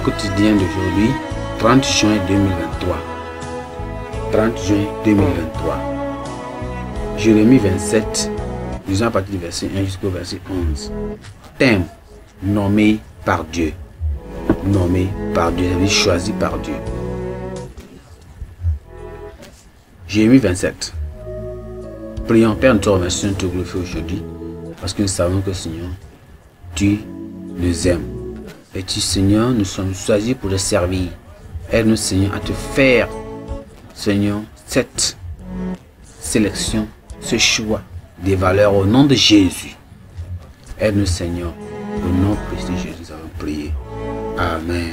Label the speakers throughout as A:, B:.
A: quotidien d'aujourd'hui, 30 juin 2023. 30 juin 2023. Jérémie 27, nous à partir du verset 1 jusqu'au verset 11. Thème, nommé par Dieu. Nommé par Dieu, choisi par Dieu. Jérémie 27. Prions, Père, nous te remercions, te aujourd'hui, parce que nous savons que Seigneur, tu nous aimes. Et tu, Seigneur, nous sommes choisis pour te servir. Aide-nous, Seigneur, à te faire, Seigneur, cette sélection, ce choix des valeurs au nom de Jésus. Aide-nous, Seigneur, au nom de Jésus, nous avons prié. Amen.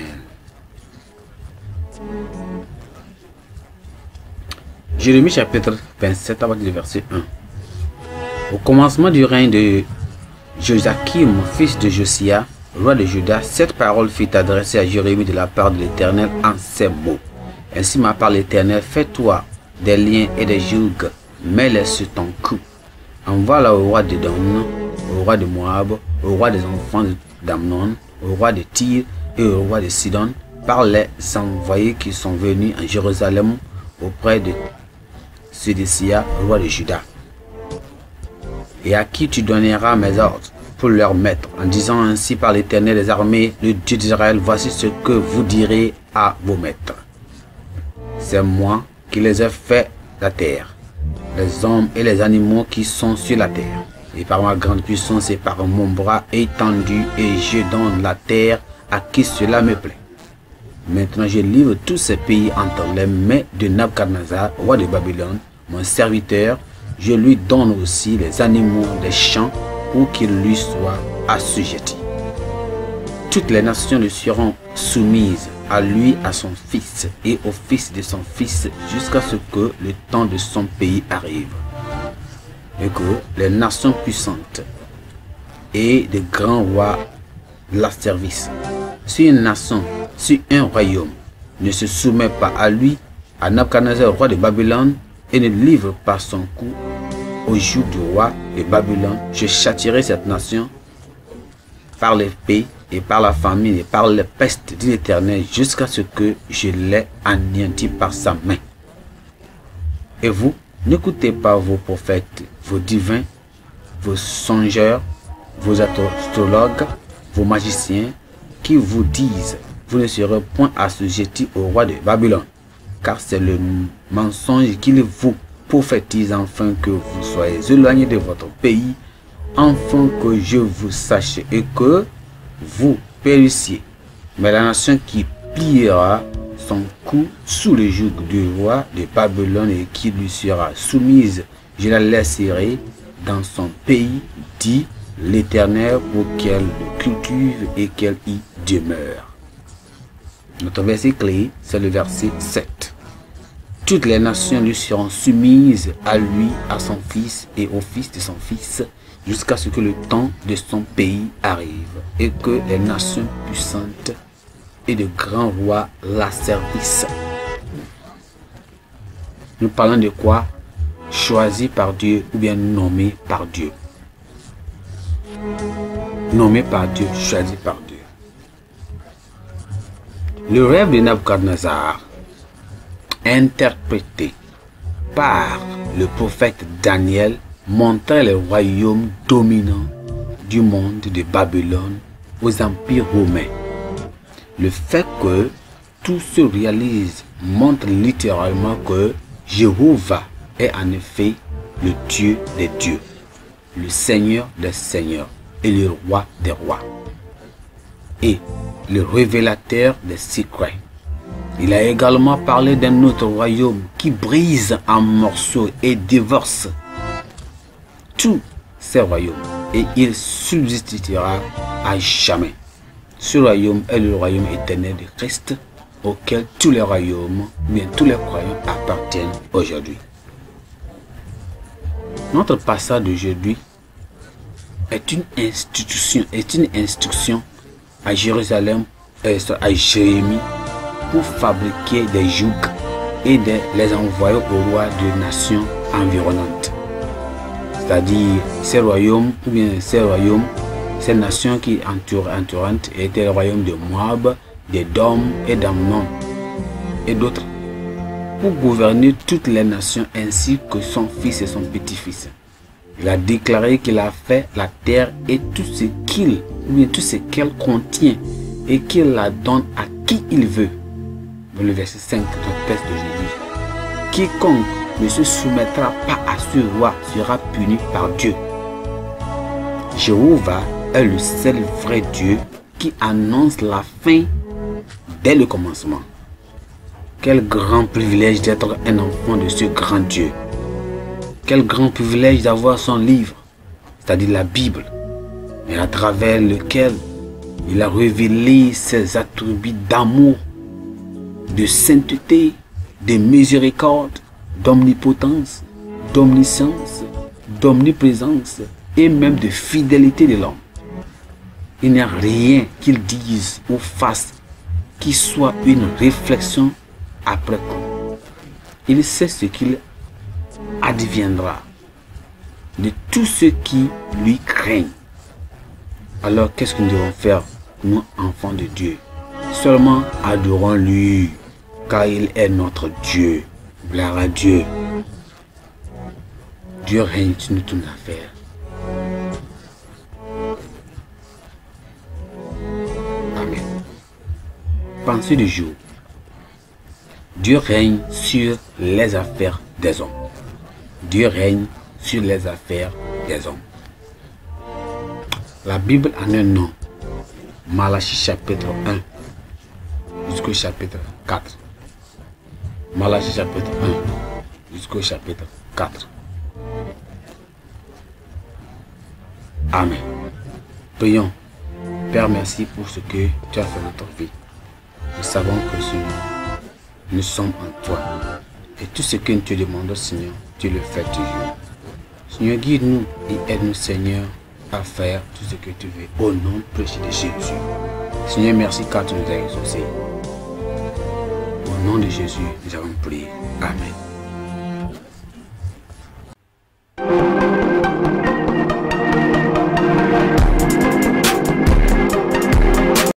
A: Jérémie chapitre 27 avec du verset 1. Au commencement du règne de mon fils de Josiah, roi de Juda, cette parole fut adressée à Jérémie de la part de l'Éternel en ces mots. Ainsi m'a part l'Éternel, fais-toi des liens et des juges, mets-les sur ton cou. Envoie-la au roi de Don, au roi de Moab, au roi des enfants d'Amnon, au roi de Tyr et au roi de Sidon, par les envoyés qui sont venus à Jérusalem auprès de Sédécia, roi de Juda, et à qui tu donneras mes ordres pour leur maître, en disant ainsi par l'Éternel des armées, le Dieu d'Israël, voici ce que vous direz à vos maîtres. C'est moi qui les ai fait la terre, les hommes et les animaux qui sont sur la terre. Et par ma grande puissance et par mon bras étendu, et je donne la terre à qui cela me plaît. Maintenant je livre tous ces pays entre les mains de Nabucodonosor, roi de Babylone, mon serviteur. Je lui donne aussi les animaux les champs, pour qu'il lui soit assujetti Toutes les nations le seront soumises à lui, à son fils et au fils de son fils jusqu'à ce que le temps de son pays arrive. Et que les nations puissantes et de grands rois la Si une nation, si un royaume ne se soumet pas à lui, à Nebuchadnezzar, roi de Babylone, et ne livre pas son coup au jour du roi de Babylone, je châtirai cette nation par les paix et par la famine et par les pestes, de l'Éternel, jusqu'à ce que je l'ai anéanti par sa main. Et vous, n'écoutez pas vos prophètes, vos divins, vos songeurs, vos astrologues, vos magiciens, qui vous disent, vous ne serez point assujettis au roi de Babylone, car c'est le mensonge qu'il vous prophétise enfin que vous soyez éloignés de votre pays, enfin que je vous sache et que vous périssiez. Mais la nation qui pliera son cou sous le joug du roi de Babylone et qui lui sera soumise, je la laisserai dans son pays, dit l'Éternel, pour qu'elle le cultive et qu'elle y demeure. Notre verset clé, c'est le verset 7. Toutes les nations lui seront soumises à lui, à son fils et au fils de son fils, jusqu'à ce que le temps de son pays arrive et que les nations puissantes et de grands rois la servissent. Nous parlons de quoi Choisi par Dieu ou bien nommé par Dieu. Nommé par Dieu, choisi par Dieu. Le rêve de Nabucodonosor Interprété par le prophète Daniel montrait le royaume dominant du monde de Babylone aux empires romains. Le fait que tout se réalise montre littéralement que Jéhovah est en effet le Dieu des dieux, le Seigneur des seigneurs et le roi des rois, et le révélateur des secrets. Il a également parlé d'un autre royaume qui brise en morceaux et divorce tous ces royaumes et il subsistera à jamais. Ce royaume est le royaume éternel de Christ auquel tous les royaumes, bien tous les croyants appartiennent aujourd'hui. Notre passage d'aujourd'hui est une institution, est une instruction à Jérusalem, euh, à Jérémie pour fabriquer des jougs et de les envoyer au roi de nations environnantes. C'est-à-dire ces royaumes, ou bien ces royaumes, ces nations qui entourent, entourantes étaient le royaume de Moab, de Dom et d'Amnon et d'autres, pour gouverner toutes les nations ainsi que son fils et son petit-fils. Il a déclaré qu'il a fait la terre et tout ce qu'il, ou bien tout ce qu'elle contient, et qu'il la donne à qui il veut le verset 5 de de Quiconque ne se soumettra pas à ce roi sera puni par Dieu. Jéhovah est le seul vrai Dieu qui annonce la fin dès le commencement. Quel grand privilège d'être un enfant de ce grand Dieu. Quel grand privilège d'avoir son livre, c'est-à-dire la Bible, et à travers lequel il a révélé ses attributs d'amour de sainteté, de miséricorde, d'omnipotence, d'omniscience, d'omniprésence et même de fidélité de l'homme. Il n'y a rien qu'il dise ou fasse qui soit une réflexion après coup. Il sait ce qu'il adviendra de tous ceux qui lui craignent. Alors qu'est-ce que nous devons faire, nous, enfants de Dieu Seulement adorons-lui, car il est notre Dieu. Gloire à Dieu. Dieu règne sur nous les affaires. Amen. Pensez du jour. Dieu règne sur les affaires des hommes. Dieu règne sur les affaires des hommes. La Bible en un nom. Malachie chapitre 1, jusqu'au chapitre 4. Malachie chapitre 1 jusqu'au chapitre 4. Amen. Prions. Père, merci pour ce que tu as fait dans notre vie. Nous savons que Seigneur, nous sommes en toi. Et tout ce que tu demandes, Seigneur, tu le fais toujours. Seigneur, guide-nous et aide-nous, Seigneur, à faire tout ce que tu veux. Au nom précieux de Jésus. Seigneur, merci car tu nous as exaucés. Au nom de Jésus, nous avons prié. Amen.